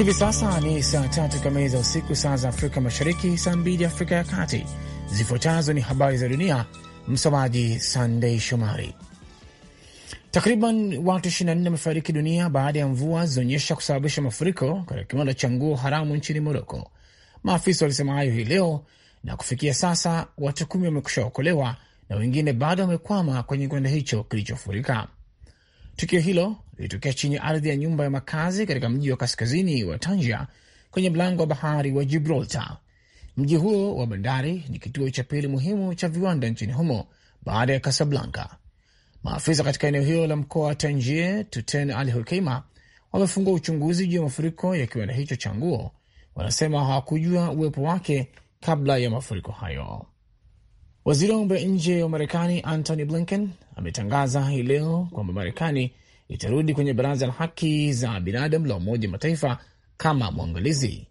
Hivi sasa ni saa tatu kamili za usiku, saa za Afrika Mashariki, saa mbili Afrika ya Kati. Zifuatazo ni habari za dunia, msomaji Sandei Shomari. Takriban watu 24 wamefariki dunia baada ya mvua zilionyesha kusababisha mafuriko katika kiwanda cha nguo haramu nchini Moroko. Maafisa walisema hayo hii leo, na kufikia sasa watu kumi wamekusha okolewa na wengine bado wamekwama kwenye kiwanda hicho kilichofurika. Tukio hilo lilitokea chini ya ardhi ya nyumba ya makazi katika mji wa kaskazini wa Tanja kwenye mlango wa bahari wa Gibraltar. Mji huo wa bandari ni kituo cha pili muhimu cha viwanda nchini humo baada ya kasablanka Maafisa katika eneo hilo la mkoa wa Tangier, Tuten Al Hokeima, wamefungua uchunguzi juu ya mafuriko ya kiwanda hicho cha nguo. Wanasema hawakujua uwepo wake kabla ya mafuriko hayo. Waziri wa mambo ya nje wa Marekani Antony Blinken ametangaza hii leo kwamba Marekani itarudi kwenye baraza la haki za binadamu la Umoja wa Mataifa kama mwangalizi.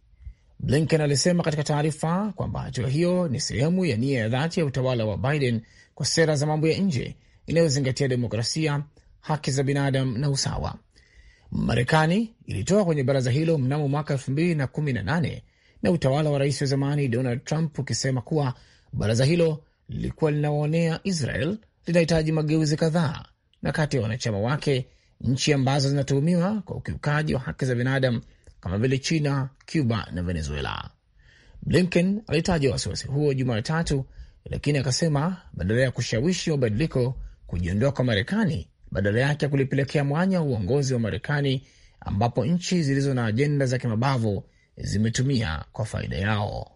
Blinken alisema katika taarifa kwamba hatua hiyo ni sehemu ya nia ya dhati ya utawala wa Biden kwa sera za mambo ya nje inayozingatia demokrasia, haki za binadamu na usawa. Marekani ilitoka kwenye baraza hilo mnamo mwaka elfu mbili na kumi na nane na utawala wa rais wa zamani Donald Trump ukisema kuwa baraza hilo lilikuwa linawaonea Israel linahitaji mageuzi kadhaa, na kati ya wanachama wake nchi ambazo zinatuhumiwa kwa ukiukaji wa haki za binadamu kama vile China, Cuba na Venezuela. Blinken alitaja wasiwasi huo Jumatatu, lakini akasema badala ya kushawishi mabadiliko, kujiondoa kwa Marekani badala yake ya kulipelekea mwanya uongozi wa Marekani ambapo nchi zilizo na ajenda za kimabavu zimetumia kwa faida yao.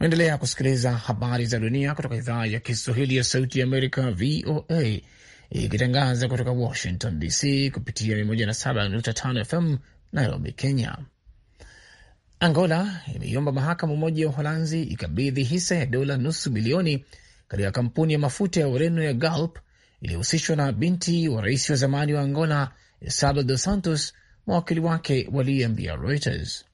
Naendelea kusikiliza habari za dunia kutoka idhaa ya Kiswahili ya Sauti ya Amerika, VOA, ikitangaza kutoka Washington DC kupitia 107.5 FM Nairobi, Kenya. Angola imeiomba mahakama Umoja wa Uholanzi ikabidhi hisa ya dola nusu bilioni katika kampuni ya mafuta ya Ureno ya Galp iliyohusishwa na binti wa rais wa zamani wa Angola Isabel Dos Santos. Mawakili wake waliambia Reuters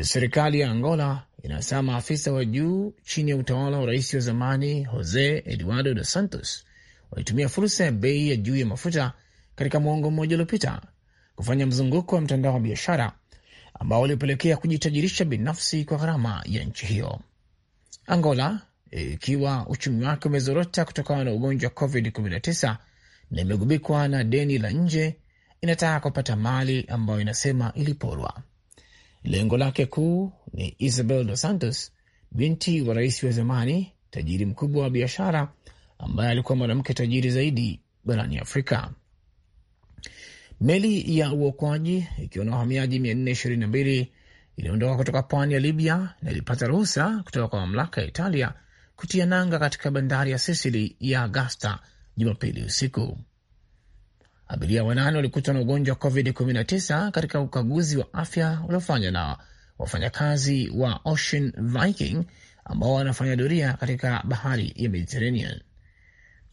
serikali ya Angola inasema maafisa wa juu chini ya utawala wa rais wa zamani Jose Eduardo Dos Santos walitumia fursa ya bei ya juu ya mafuta katika mwongo mmoja uliopita kufanya mzunguko wa mtandao wa biashara ambao ulipelekea kujitajirisha binafsi kwa gharama ya nchi hiyo. Angola ikiwa uchumi wake umezorota kutokana na ugonjwa wa COVID-19 na imegubikwa na deni la nje, inataka kupata mali ambayo inasema iliporwa. Lengo lake kuu ni Isabel Dos Santos, binti wa rais wa zamani, tajiri mkubwa wa biashara ambaye alikuwa mwanamke tajiri zaidi barani Afrika. Meli ya uokoaji ikiwa na wahamiaji 422 iliondoka kutoka pwani ya Libya na ilipata ruhusa kutoka kwa mamlaka ya Italia kutia nanga katika bandari ya Sisili ya Agasta Jumapili usiku. Abiria wanane walikutwa na ugonjwa wa COVID-19 katika ukaguzi wa afya uliofanywa na wafanyakazi wa Ocean Viking ambao wanafanya doria katika bahari ya Mediterranean.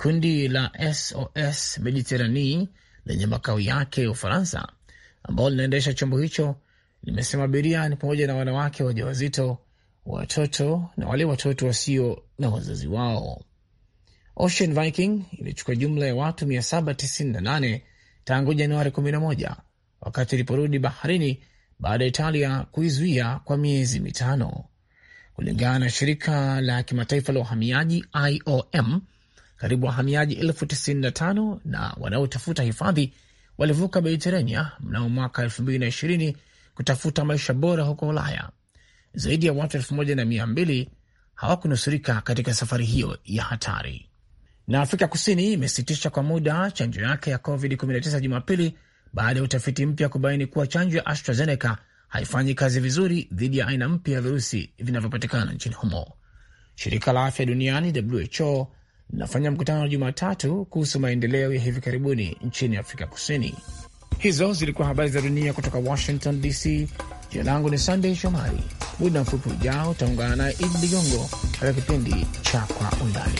Kundi la SOS Mediterani lenye makao yake ya Ufaransa, ambalo linaendesha chombo hicho, limesema abiria ni pamoja na wanawake wajawazito, watoto na wale watoto wasio na wazazi wao. Ocean Viking ilichukua jumla ya watu 798 tangu Januari 11 wakati iliporudi baharini baada ya Italia kuizuia kwa miezi mitano, kulingana na shirika la kimataifa la uhamiaji IOM karibu wahamiaji elfu tisini na tano na wanaotafuta hifadhi walivuka Mediterania mnamo mwaka 2020 kutafuta maisha bora huko Ulaya. Zaidi ya watu elfu moja na mia mbili hawakunusurika katika safari hiyo ya hatari. Na Afrika Kusini imesitisha kwa muda chanjo yake ya COVID-19 Jumapili baada ya utafiti mpya kubaini kuwa chanjo ya AstraZeneca haifanyi kazi vizuri dhidi ya aina mpya ya virusi vinavyopatikana nchini humo. Shirika la afya duniani WHO linafanya mkutano wa Jumatatu kuhusu maendeleo ya hivi karibuni nchini Afrika Kusini. Hizo zilikuwa habari za dunia kutoka Washington DC. Jina langu ni Sandey Shomari. Muda mfupi ujao utaungana naye Idi Ligongo katika kipindi cha Kwa Undani.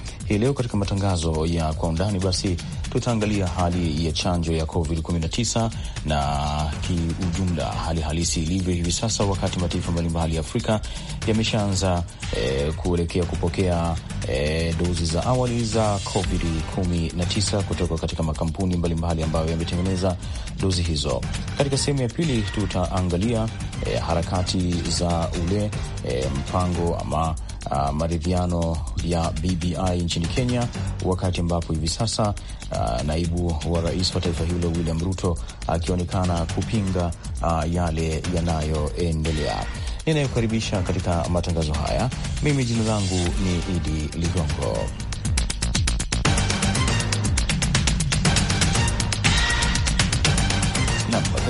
Hii leo katika matangazo ya kwa undani, basi tutaangalia hali ya chanjo ya COVID-19 na kiujumla hali halisi ilivyo hivi sasa, wakati mataifa mbalimbali ya Afrika yameshaanza e, kuelekea kupokea e, dozi za awali za COVID-19 kutoka katika makampuni mbalimbali ambayo yametengeneza dozi hizo. Katika sehemu ya pili tutaangalia e, harakati za ule e, mpango ama uh, maridhiano ya BBI nchini Kenya, wakati ambapo hivi sasa uh, naibu wa rais wa taifa hilo William Ruto akionekana uh, kupinga uh, yale yanayoendelea. Ninayokaribisha katika matangazo haya, mimi jina langu ni Idi Ligongo.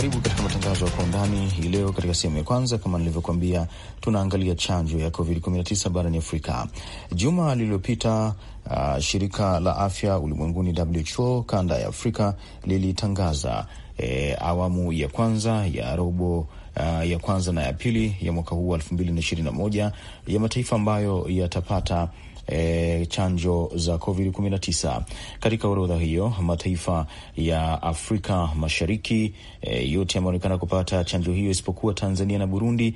Karibu katika matangazo ya kwa undani hii leo. Katika sehemu ya kwanza, kama nilivyokuambia, tunaangalia chanjo ya COVID-19 barani Afrika. Juma lililopita, uh, shirika la afya ulimwenguni WHO kanda ya Afrika lilitangaza e, awamu ya kwanza ya robo Uh, ya kwanza na ya pili ya mwaka huu elfu mbili na ishirini na moja ya mataifa ambayo yatapata e, chanjo za COVID-19. Katika orodha hiyo mataifa ya Afrika Mashariki e, yote yameonekana kupata chanjo hiyo isipokuwa Tanzania na Burundi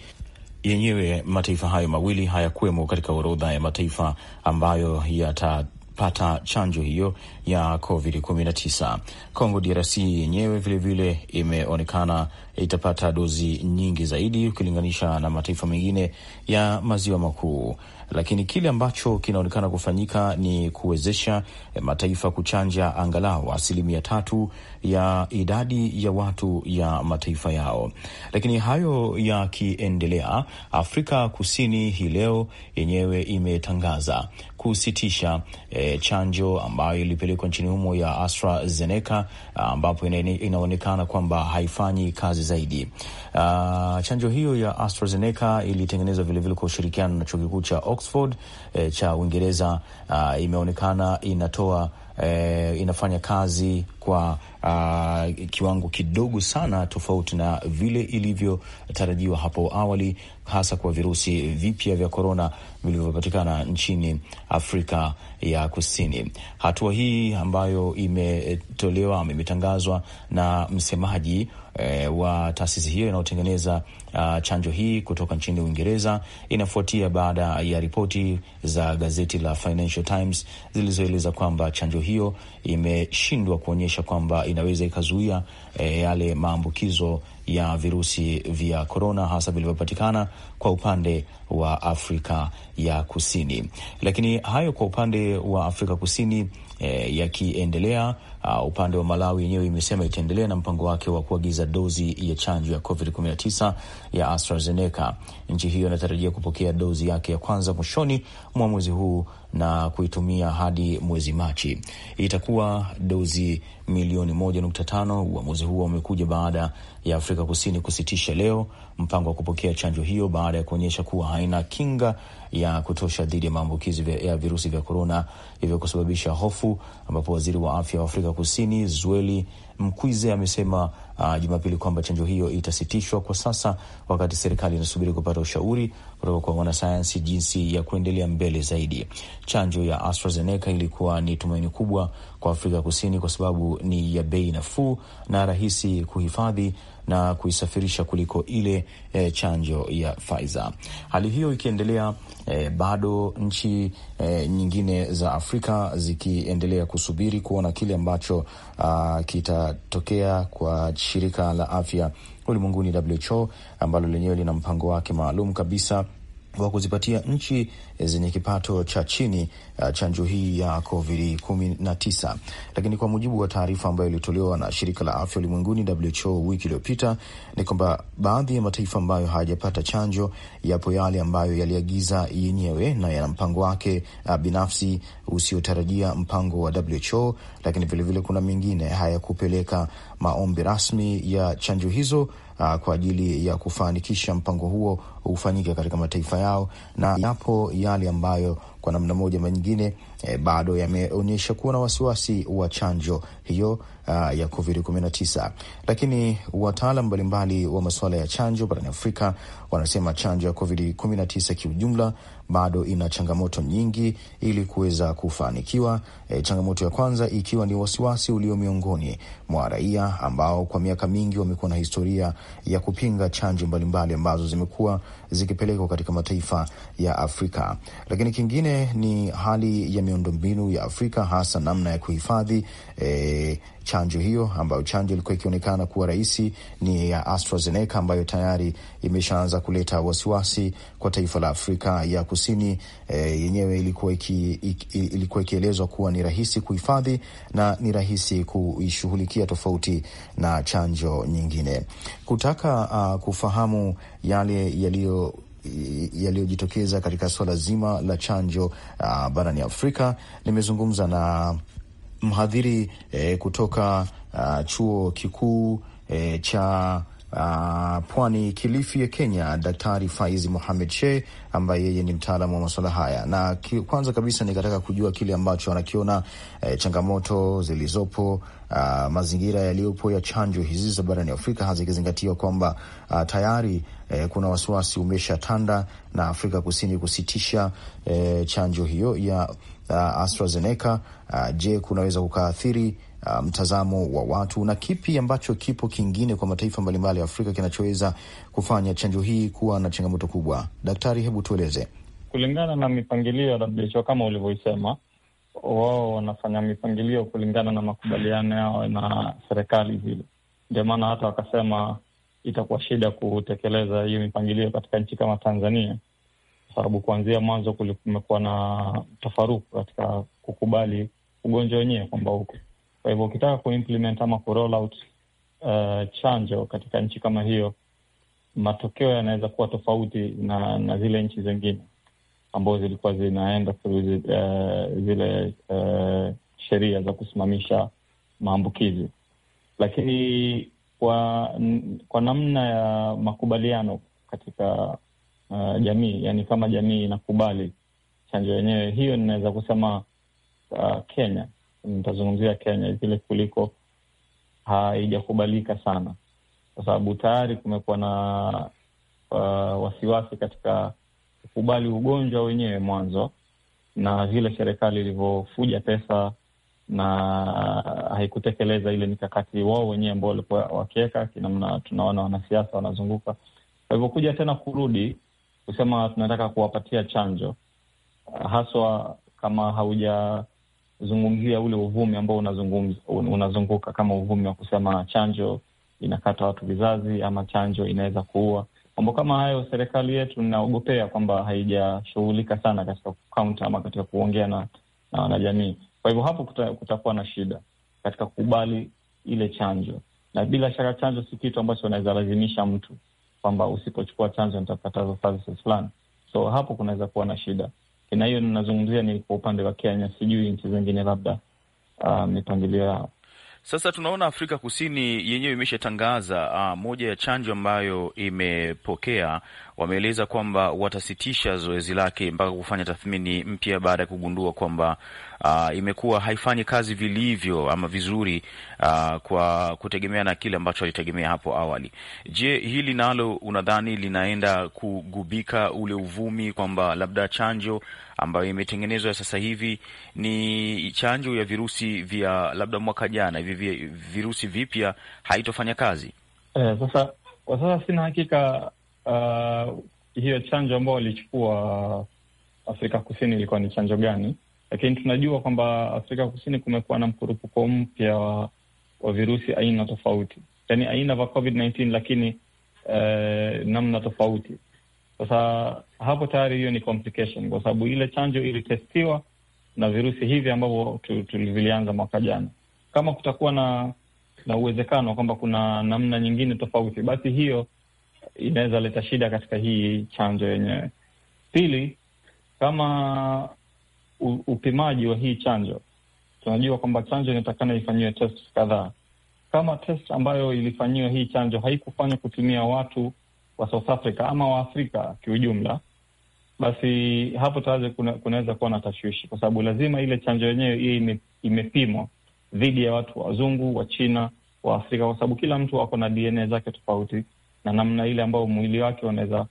yenyewe mataifa hayo mawili hayakuwemo katika orodha ya mataifa ambayo yatapata chanjo hiyo ya Covid 19. Congo DRC yenyewe vilevile imeonekana itapata dozi nyingi zaidi ukilinganisha na mataifa mengine ya maziwa makuu lakini kile ambacho kinaonekana kufanyika ni kuwezesha eh, mataifa kuchanja angalau asilimia tatu ya idadi ya watu ya mataifa yao. Lakini hayo yakiendelea, Afrika Kusini hii leo yenyewe imetangaza kusitisha e, chanjo ambayo ilipelekwa nchini humo ya AstraZeneca ambapo ina, inaonekana kwamba haifanyi kazi zaidi. Uh, chanjo hiyo ya AstraZeneca ilitengenezwa vilevile kwa ushirikiano na chuo kikuu cha Oxford e, cha Uingereza. Uh, imeonekana inatoa eh, inafanya kazi kwa uh, kiwango kidogo sana tofauti na vile ilivyotarajiwa hapo awali, hasa kwa virusi vipya vya korona vilivyopatikana nchini Afrika ya Kusini. Hatua hii ambayo imetolewa ama imetangazwa na msemaji e, wa taasisi hiyo inayotengeneza uh, chanjo hii kutoka nchini Uingereza inafuatia baada ya ripoti za gazeti la Financial Times zilizoeleza kwamba chanjo hiyo imeshindwa kuonyesha kwamba inaweza ikazuia e, yale maambukizo ya virusi vya korona hasa vilivyopatikana kwa upande wa Afrika ya Kusini. Lakini hayo kwa upande wa Afrika Kusini e, yakiendelea uh, upande wa Malawi yenyewe imesema itaendelea na mpango wake wa kuagiza dozi ya chanjo ya COVID-19 ya AstraZeneca. Nchi hiyo inatarajia kupokea dozi yake ya kwanza mwishoni mwa mwezi huu na kuitumia hadi mwezi Machi. Itakuwa dozi milioni moja nukta tano. Uamuzi huo umekuja baada ya Afrika Kusini kusitisha leo mpango wa kupokea chanjo hiyo baada ya kuonyesha kuwa haina kinga ya kutosha dhidi ya maambukizi ya virusi vya korona, hivyo kusababisha hofu, ambapo waziri wa afya wa Afrika Kusini Zweli Mkwize amesema uh, Jumapili kwamba chanjo hiyo itasitishwa kwa sasa, wakati serikali inasubiri kupata ushauri kutoka kwa wanasayansi jinsi ya kuendelea mbele zaidi. Chanjo ya AstraZeneca ilikuwa ni tumaini kubwa kwa Afrika Kusini kwa sababu ni ya bei nafuu na rahisi kuhifadhi na kuisafirisha kuliko ile e, chanjo ya Pfizer. Hali hiyo ikiendelea, e, bado nchi e, nyingine za Afrika zikiendelea kusubiri kuona kile ambacho ah, kitatokea kwa shirika la afya ulimwenguni WHO ambalo lenyewe lina mpango wake maalum kabisa wa kuzipatia nchi eh, zenye kipato cha chini uh, chanjo hii ya covid 19. Lakini kwa mujibu wa taarifa ambayo ilitolewa na shirika la afya ulimwenguni WHO wiki iliyopita ni kwamba baadhi ya mataifa ambayo hayajapata chanjo yapo yale ambayo yaliagiza yenyewe na yana mpango wake uh, binafsi usiotarajia mpango wa WHO, lakini vilevile vile kuna mengine hayakupeleka maombi rasmi ya chanjo hizo uh, kwa ajili ya kufanikisha mpango huo ufanyike katika mataifa yao, na yapo yale ambayo kwa namna moja ama nyingine, eh, bado yameonyesha kuwa na wasiwasi wa chanjo hiyo uh, ya COVID-19, lakini wataalam mbalimbali wa masuala ya chanjo barani Afrika wanasema chanjo ya COVID-19 kiujumla bado ina changamoto nyingi ili kuweza kufanikiwa. E, changamoto ya kwanza ikiwa ni wasiwasi ulio miongoni mwa raia ambao kwa miaka mingi wamekuwa na historia ya kupinga chanjo mbalimbali ambazo zimekuwa zikipelekwa katika mataifa ya Afrika. Lakini kingine ni hali ya miundombinu ya Afrika, hasa namna ya kuhifadhi e, chanjo hiyo, ambayo chanjo ilikuwa ikionekana kuwa rahisi ni ya AstraZeneca ambayo tayari imeshaanza kuleta wasiwasi kwa taifa la Afrika ya Kusini. E, yenyewe ilikuwa ilikuwa ikielezwa kuwa ni rahisi kuhifadhi na ni rahisi kuishughulikia tofauti na chanjo nyingine. Kutaka uh, kufahamu yale yaliyo yaliyojitokeza katika suala zima la chanjo uh, barani Afrika, nimezungumza na mhadhiri e, kutoka uh, chuo kikuu e, cha Uh, pwani Kilifi ya Kenya, Daktari Faiz muhamed she ambaye yeye ni mtaalamu wa masuala haya, na kwanza kabisa nikataka kujua kile ambacho anakiona eh, changamoto zilizopo uh, mazingira yaliyopo ya chanjo hizi za barani Afrika, hazikizingatiwa kwamba uh, tayari eh, kuna wasiwasi umeshatanda na Afrika Kusini kusitisha eh, chanjo hiyo ya uh, AstraZeneca uh, je, kunaweza kukaathiri uh, mtazamo wa watu na kipi ambacho kipo kingine kwa mataifa mbalimbali ya Afrika kinachoweza kufanya chanjo hii kuwa na changamoto kubwa? Daktari, hebu tueleze. Kulingana na mipangilio ya WHO kama ulivyoisema, wao wanafanya mipangilio kulingana na makubaliano yao na serikali zile, ndio maana hata wakasema itakuwa shida kutekeleza hiyo mipangilio katika nchi kama Tanzania sababu kuanzia mwanzo kumekuwa na tafaruku katika kukubali ugonjwa wenyewe kwamba huko. Kwa hivyo ukitaka kuimplement ama kuroll out uh, chanjo katika nchi kama hiyo, matokeo yanaweza kuwa tofauti na na zile nchi zingine ambazo zilikuwa zinaenda through uh, zile uh, sheria za kusimamisha maambukizi, lakini kwa, kwa namna ya makubaliano katika uh, jamii, yani kama jamii inakubali chanjo yenyewe hiyo, ninaweza kusema uh, Kenya, nitazungumzia Kenya vile kuliko haijakubalika sana, kwa sababu tayari kumekuwa na uh, wasiwasi katika kukubali ugonjwa wenyewe mwanzo, na vile serikali ilivyofuja pesa na haikutekeleza ile mikakati wao wenyewe ambao walikuwa wakiweka, kinamna tunaona wanasiasa wanazunguka. walivyokuja kuja tena kurudi kusema tunataka kuwapatia chanjo, uh, haswa kama haujazungumzia ule uvumi ambao unazunguka kama uvumi wa kusema chanjo inakata watu vizazi ama chanjo inaweza kuua. Mambo kama hayo, serikali yetu inaogopea kwamba haijashughulika sana katika kukaunta ama katika kuongea na na wanajamii. Kwa hivyo hapo kuta, kutakuwa na shida katika kukubali ile chanjo, na bila shaka chanjo si kitu ambacho unaweza lazimisha mtu kwamba usipochukua chanjo nitapatazo services fulani, so hapo kunaweza kuwa na shida. Na hiyo ninazungumzia ni kwa upande wa Kenya, sijui nchi zingine labda uh, mipangilio yao. Sasa tunaona Afrika Kusini yenyewe imeshatangaza uh, moja ya chanjo ambayo imepokea. Wameeleza kwamba watasitisha zoezi lake mpaka kufanya tathmini mpya baada ya kugundua kwamba uh, imekuwa haifanyi kazi vilivyo ama vizuri uh, kwa kutegemea na kile ambacho alitegemea hapo awali. Je, hili nalo unadhani linaenda kugubika ule uvumi kwamba labda chanjo ambayo imetengenezwa sasa hivi ni chanjo ya virusi vya labda mwaka jana hivi virusi vipya haitofanya kazi eh? Sasa kwa sasa sina hakika uh, hiyo chanjo ambayo walichukua uh, Afrika Kusini ilikuwa ni chanjo gani, lakini tunajua kwamba Afrika Kusini kumekuwa na mkurupuko mpya wa, wa virusi aina tofauti, yani aina vya COVID-19 lakini eh, namna tofauti sasa hapo tayari hiyo ni complication, kwa sababu ile chanjo ilitestiwa na virusi hivi ambavyo vilianza mwaka jana. Kama kutakuwa na na uwezekano kwamba kuna namna nyingine tofauti, basi hiyo inaweza leta shida katika hii chanjo yenyewe. Pili, kama upimaji wa hii chanjo, tunajua kwamba chanjo inatakana ifanyiwe test kadhaa. Kama test ambayo ilifanyiwa hii chanjo haikufanywa kutumia watu wa South Africa ama Waafrika kiujumla, basi hapo tayari kunaweza kuwa na tashwishi, kwa sababu lazima ile chanjo yenyewe iye imepimwa dhidi ya watu wazungu, wa China, wa Afrika, kwa sababu kila mtu ako na DNA zake tofauti na namna ile ambayo mwili wake unaweza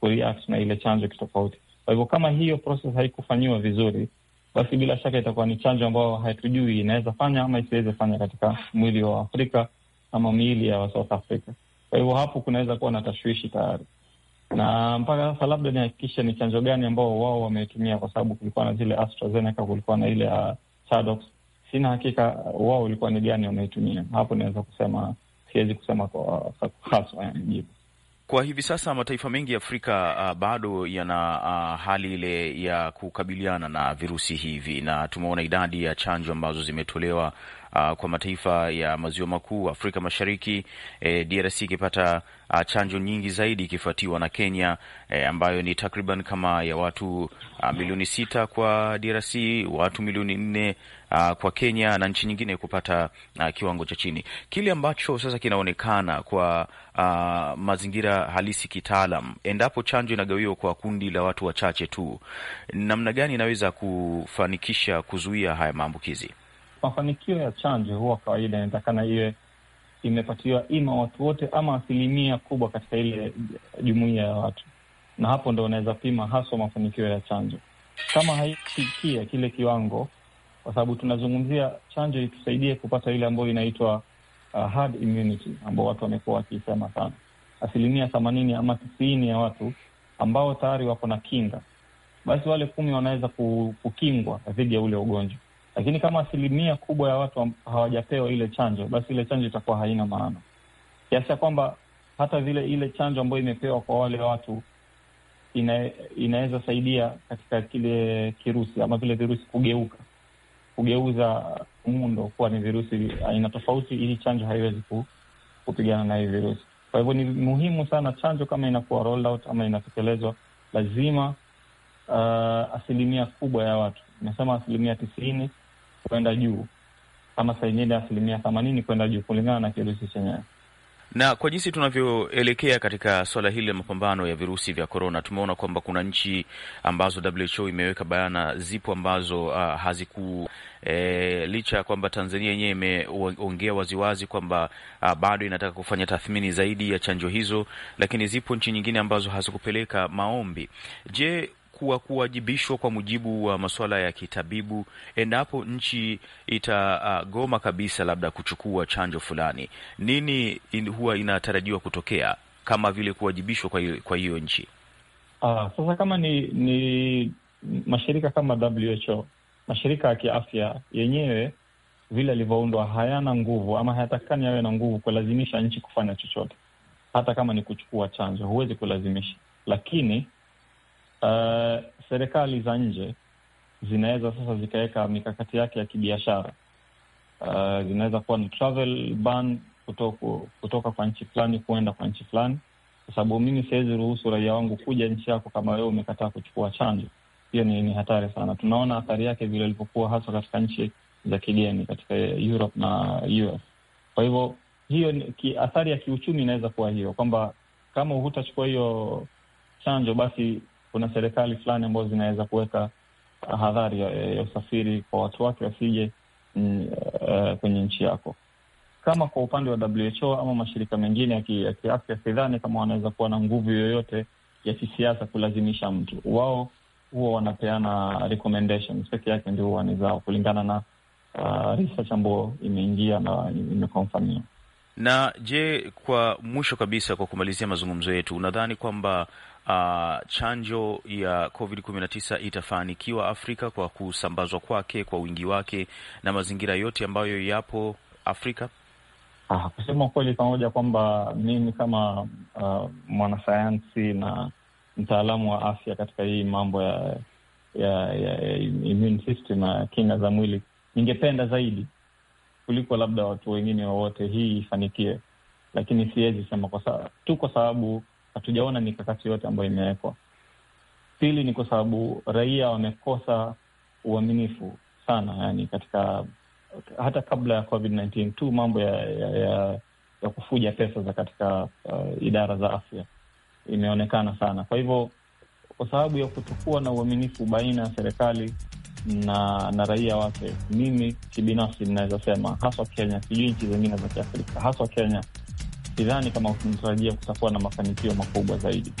kureact na ile chanjo kitofauti. Kwa hivyo kama hiyo process haikufanyiwa vizuri, basi bila shaka itakuwa ni chanjo ambayo hatujui inaweza fanya ama isiweze fanya katika mwili wa Afrika ama miili ya South Africa. Kwa hivyo hapo kunaweza kuwa na tashwishi tayari, na mpaka sasa labda nihakikishe ni chanjo gani ambao wao wametumia, kwa sababu kulikuwa na zile AstraZeneca, kulikuwa na ile ya uh, Chadox. Sina hakika uh, wao ulikuwa ni gani wameitumia. Hapo naweza kusema, siwezi kusema kwa uh, haswa jibu. Kwa hivi sasa mataifa mengi ya Afrika uh, bado yana uh, hali ile ya kukabiliana na virusi hivi, na tumeona idadi ya chanjo ambazo zimetolewa uh, kwa mataifa ya maziwa makuu Afrika Mashariki, eh, DRC ikipata uh, chanjo nyingi zaidi ikifuatiwa na Kenya eh, ambayo ni takriban kama ya watu uh, milioni sita kwa DRC, watu milioni nne uh, kwa Kenya na nchi nyingine kupata uh, kiwango cha chini. Kile ambacho sasa kinaonekana kwa uh, mazingira halisi kitaalam, endapo chanjo inagawiwa kwa kundi la watu wachache tu, namna gani inaweza kufanikisha kuzuia haya maambukizi? mafanikio ya chanjo huwa kawaida inatakana iwe imepatiwa ima watu wote ama asilimia kubwa katika ile jumuia ya watu, na hapo ndo unaweza pima haswa mafanikio ya chanjo. Kama haifikia kile kiwango, kwa sababu tunazungumzia chanjo itusaidie kupata ile ambayo inaitwa uh, herd immunity, ambao watu wamekuwa wakiisema sana, asilimia themanini ama tisini ya watu ambao tayari wako na kinga, basi wale kumi wanaweza kukingwa dhidi ya ule ugonjwa lakini kama asilimia kubwa ya watu hawajapewa ile chanjo, basi ile chanjo itakuwa haina maana, kiasi ya kwamba hata vile ile chanjo ambayo imepewa kwa wale watu ina, inaweza saidia katika kile kirusi ama vile virusi kugeuka kugeuza muundo kuwa ni virusi aina tofauti, ili chanjo haiwezi kupigana na hii virusi. Kwa hivyo ni muhimu sana chanjo kama inakuwa out ama inatekelezwa, lazima uh, asilimia kubwa ya watu, nasema asilimia tisini kwenda juu, kama saa ingine asilimia themanini kwenda juu kulingana na kirusi chenyewe. Na kwa jinsi tunavyoelekea katika suala hili la mapambano ya virusi vya korona, tumeona kwamba kuna nchi ambazo WHO imeweka bayana zipo ambazo uh, haziku e, licha ya kwamba Tanzania yenyewe imeongea waziwazi kwamba uh, bado inataka kufanya tathmini zaidi ya chanjo hizo, lakini zipo nchi nyingine ambazo hazikupeleka maombi. Je, kuwa kuwajibishwa kwa mujibu wa masuala ya kitabibu, endapo nchi itagoma uh, kabisa labda kuchukua chanjo fulani, nini in, huwa inatarajiwa kutokea kama vile kuwajibishwa kwa hiyo nchi? Ah, sasa kama ni, ni mashirika kama WHO mashirika ya kiafya yenyewe vile alivyoundwa hayana nguvu ama hayatakikani yawe na nguvu kulazimisha nchi kufanya chochote. Hata kama ni kuchukua chanjo, huwezi kulazimisha, lakini uh, serikali za nje zinaweza sasa zikaweka mikakati yake ya kibiashara uh, zinaweza kuwa ni travel ban kutoku, kutoka kwa nchi fulani kuenda kwa nchi fulani, kwa sababu mimi siwezi ruhusu raia wangu kuja nchi yako kama wewe umekataa kuchukua chanjo. Hiyo ni, ni hatari sana. Tunaona athari yake vile ilivyokuwa haswa katika nchi za kigeni katika Europe na US. Kwa hivyo hiyo ki, athari ya kiuchumi inaweza kuwa hiyo kwamba kama hutachukua hiyo chanjo basi kuna serikali fulani ambazo zinaweza kuweka uh, hadhari ya, ya usafiri kwa watu wake wasije mm, uh, kwenye nchi yako. Kama kwa upande wa WHO ama mashirika mengine ya kiafya, sidhani kama wanaweza kuwa na nguvu yoyote ya kisiasa kulazimisha mtu. Wao huwa wanapeana recommendations peke yake, ndio huwa ni zao kulingana na uh, research ambayo imeingia na imekonfamia. Na je, kwa mwisho kabisa, kwa kumalizia mazungumzo yetu, unadhani kwamba uh, chanjo ya COVID-19 itafanikiwa Afrika kwa kusambazwa kwake, kwa wingi wake na mazingira yote ambayo yapo Afrika? Ah, kusema kweli, pamoja kwamba mimi kama uh, mwanasayansi na mtaalamu wa afya katika hii mambo ya ya, ya, ya immune system na kinga za mwili ningependa zaidi kuliko labda watu wengine wowote hii ifanikiwe, lakini siwezi sema kwa sababu tu kwa sababu hatujaona mikakati yote ambayo imewekwa. Pili ni kwa sababu raia wamekosa uaminifu sana, yani katika hata kabla ya Covid 19 tu mambo ya, ya, ya, ya kufuja pesa za katika uh, idara za afya imeonekana sana. Kwa hivyo kwa sababu ya kutokuwa na uaminifu baina ya serikali na na raia wake. Mimi kibinafsi ninaweza sema haswa Kenya, sijui nchi zingine za Kiafrika, haswa Kenya, sidhani kama ukimtarajia kutakuwa na mafanikio makubwa zaidi.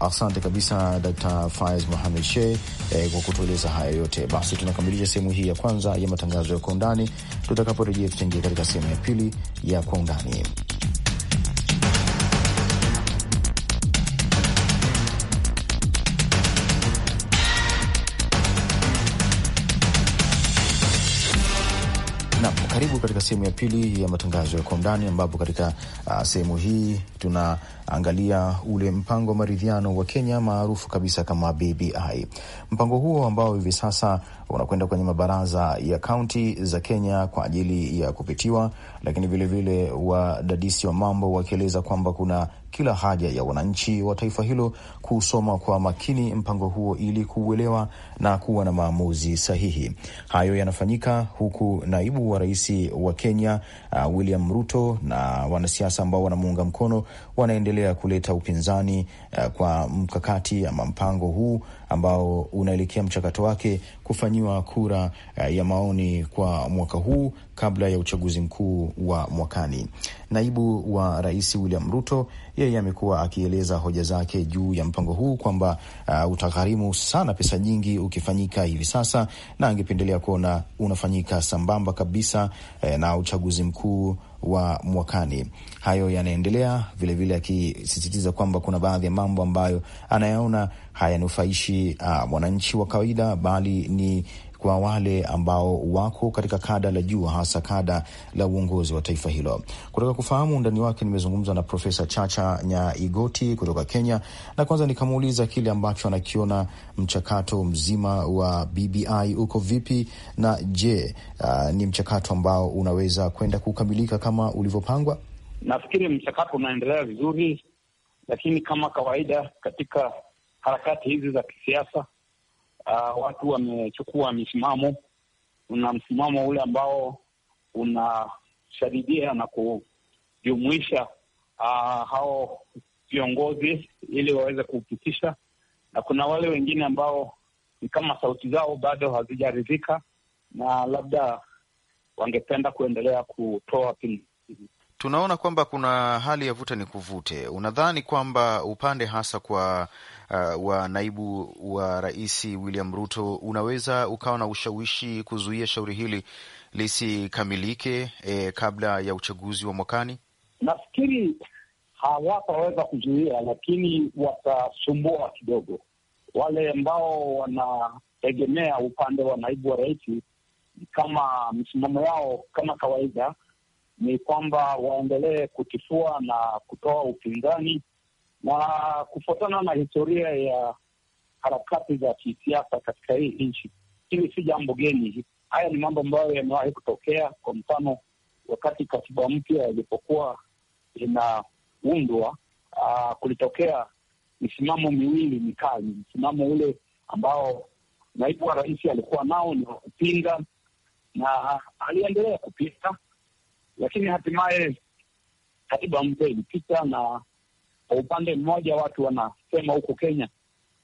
Asante kabisa Dkt. Faiz Mohamed Sheikh eh, kwa kutueleza haya yote. Basi tunakamilisha sehemu hii ya kwanza ya matangazo ya kwa undani. Tutakaporejea tutaingia katika sehemu ya pili ya kwa undani. Karibu katika sehemu ya pili ya matangazo ya kwa undani, ambapo katika uh, sehemu hii tunaangalia ule mpango wa maridhiano wa Kenya maarufu kabisa kama BBI. Mpango huo ambao hivi sasa unakwenda kwenye mabaraza ya kaunti za Kenya kwa ajili ya kupitiwa, lakini vilevile wadadisi wa mambo wakieleza kwamba kuna kila haja ya wananchi wa taifa hilo kusoma kwa makini mpango huo ili kuuelewa na kuwa na maamuzi sahihi. Hayo yanafanyika huku naibu wa rais wa Kenya uh, William Ruto na wanasiasa ambao wanamuunga mkono wanaendelea kuleta upinzani uh, kwa mkakati ama mpango huu ambao unaelekea mchakato wake kufanyiwa kura eh, ya maoni kwa mwaka huu kabla ya uchaguzi mkuu wa mwakani. Naibu wa rais William Ruto yeye amekuwa akieleza hoja zake juu ya mpango huu kwamba uh, utagharimu sana pesa nyingi ukifanyika hivi sasa, na angependelea kuona unafanyika sambamba kabisa eh, na uchaguzi mkuu wa mwakani. Hayo yanaendelea vilevile, akisisitiza kwamba kuna baadhi ya mambo ambayo anayaona hayanufaishi uh, ah, mwananchi wa kawaida, bali ni kwa wale ambao wako katika kada la juu, hasa kada la uongozi wa taifa hilo. Kutaka kufahamu undani wake, nimezungumza na Profesa Chacha Nyaigoti kutoka Kenya, na kwanza nikamuuliza kile ambacho anakiona mchakato mzima wa BBI uko vipi, na je, uh, ni mchakato ambao unaweza kwenda kukamilika kama ulivyopangwa? Nafikiri mchakato unaendelea vizuri, lakini kama kawaida katika harakati hizi za kisiasa uh, watu wamechukua misimamo kuna msimamo ule ambao unashadidia na kujumuisha uh, hao viongozi ili waweze kupitisha, na kuna wale wengine ambao ni kama sauti zao bado hazijaridhika na labda wangependa kuendelea kutoa pingamizi. Tunaona kwamba kuna hali ya vuta ni kuvute. Unadhani kwamba upande hasa kwa uh, wa naibu wa rais William Ruto unaweza ukawa na ushawishi kuzuia shauri hili lisikamilike eh, kabla ya uchaguzi wa mwakani? Nafikiri hawataweza kuzuia, lakini watasumbua kidogo. Wale ambao wanategemea upande wa naibu wa rais, kama msimamo yao kama kawaida ni kwamba waendelee kutifua na kutoa upinzani na kufuatana na historia ya harakati za kisiasa katika hii nchi, hili si jambo geni. Haya ni mambo ambayo yamewahi kutokea. Kwa mfano, wakati katiba mpya ilipokuwa inaundwa, uh, kulitokea misimamo miwili mikali. Msimamo ule ambao naibu wa rais alikuwa nao ni wa kupinga, na aliendelea kupinga, lakini hatimaye katiba mpya ilipita na kwa upande mmoja, watu wanasema huko Kenya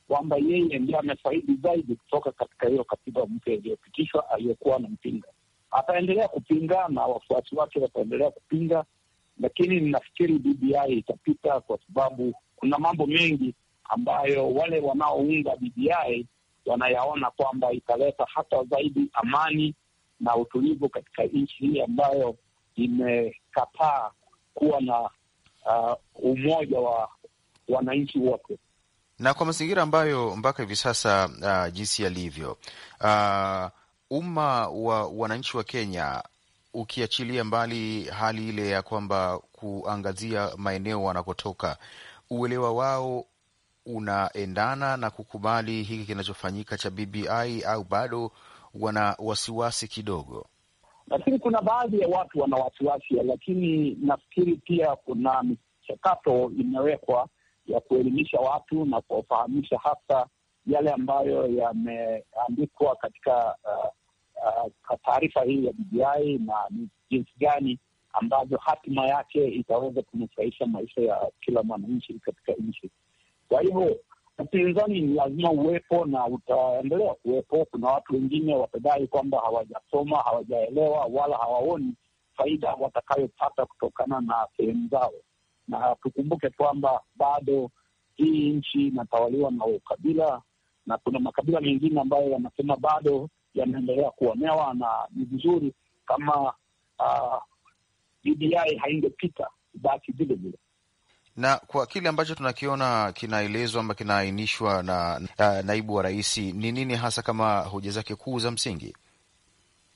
kwamba yeye ndio amefaidi zaidi kutoka katika hiyo katiba mpya iliyopitishwa aliyokuwa anampinga. Ataendelea kupinga na wafuasi wake wataendelea kupinga, lakini ninafikiri BBI itapita kwa sababu kuna mambo mengi ambayo wale wanaounga BBI wanayaona kwamba italeta hata zaidi amani na utulivu katika nchi hii ambayo imekataa kuwa na uh, umoja wa wananchi wote na kwa mazingira ambayo mpaka hivi sasa uh, jinsi yalivyo uh, umma wa wananchi wa Kenya ukiachilia mbali hali ile ya kwamba kuangazia maeneo wanakotoka, uelewa wao unaendana na kukubali hiki kinachofanyika cha BBI au bado wana wasiwasi kidogo? Lakini kuna baadhi ya watu wana wasiwasi, lakini nafikiri pia kuna michakato imewekwa ya kuelimisha watu na kuwafahamisha hasa yale ambayo yameandikwa katika uh, uh, taarifa hii ya BBI na ni jinsi gani ambavyo hatima yake itaweza kunufaisha maisha ya kila mwananchi katika nchi. Kwa hivyo upinzani ni lazima uwepo na utaendelea kuwepo. Kuna watu wengine watadai kwamba hawajasoma, hawajaelewa, wala hawaoni faida watakayopata kutokana na sehemu zao, na tukumbuke kwamba bado hii nchi inatawaliwa na ukabila, na kuna makabila mengine ambayo yanasema bado yanaendelea kuonewa, na ni vizuri kama BBI ah, haingepita basi vile vile na kwa kile ambacho tunakiona kinaelezwa ama kinaainishwa na uh, naibu wa rais, ni nini hasa kama hoja zake kuu za msingi?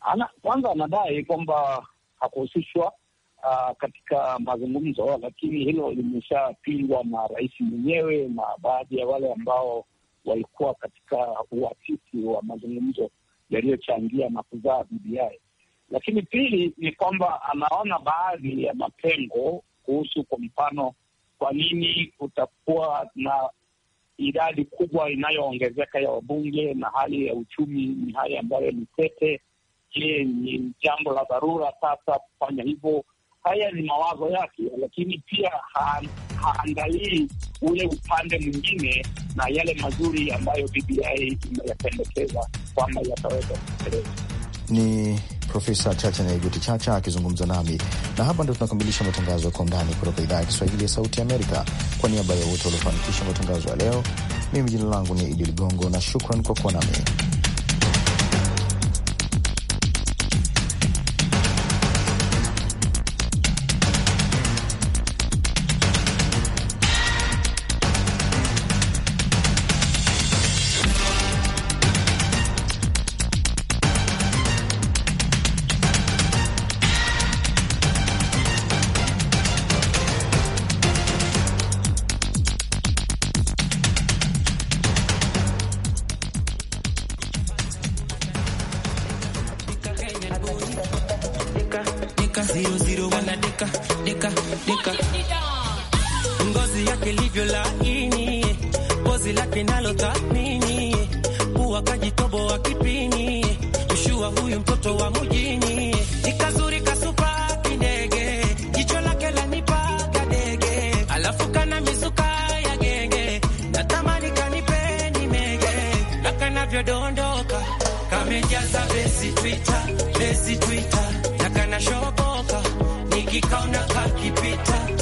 Ana, kwanza anadai kwamba hakuhusishwa uh, katika mazungumzo, lakini hilo limeshapingwa na rais mwenyewe na baadhi ya wale ambao walikuwa katika uhasisi wa mazungumzo yaliyochangia na kuzaa BBI. Lakini pili ni kwamba anaona baadhi ya mapengo kuhusu, kwa mfano kwa nini kutakuwa na idadi kubwa inayoongezeka ya wabunge na hali ya uchumi ni hali ambayo ni tete. Je, ni jambo la dharura sasa kufanya hivyo? Haya ni mawazo yake, lakini pia haangalii ule upande mwingine na yale mazuri ambayo BBI imeyapendekeza kwamba yataweza kutekelezwa. Ni Profesa Chacha Nyaigoti Chacha akizungumza nami, na hapa ndo tunakamilisha matangazo ya Kwa Undani kutoka idhaa ya Kiswahili ya Sauti Amerika. Kwa niaba ya wote waliofanikisha matangazo ya leo, mimi jina langu ni Idi Ligongo na shukran kwa kuwa nami. wanadeka zero zero, wanadeka deka deka, ngozi yake livyo laini, pozi lake nalo thamini, uwa kajitobo wa kipini, ushua huyu mtoto wa mjini, nikazuri kasupa kindege, jicho lake lanipa kadege, alafu kana misuka ya genge, natamani kanipe ni mege, nakanavyodondoka kamejaza besi Twitter, besi Twitter nashoboka, nikikonda kakipita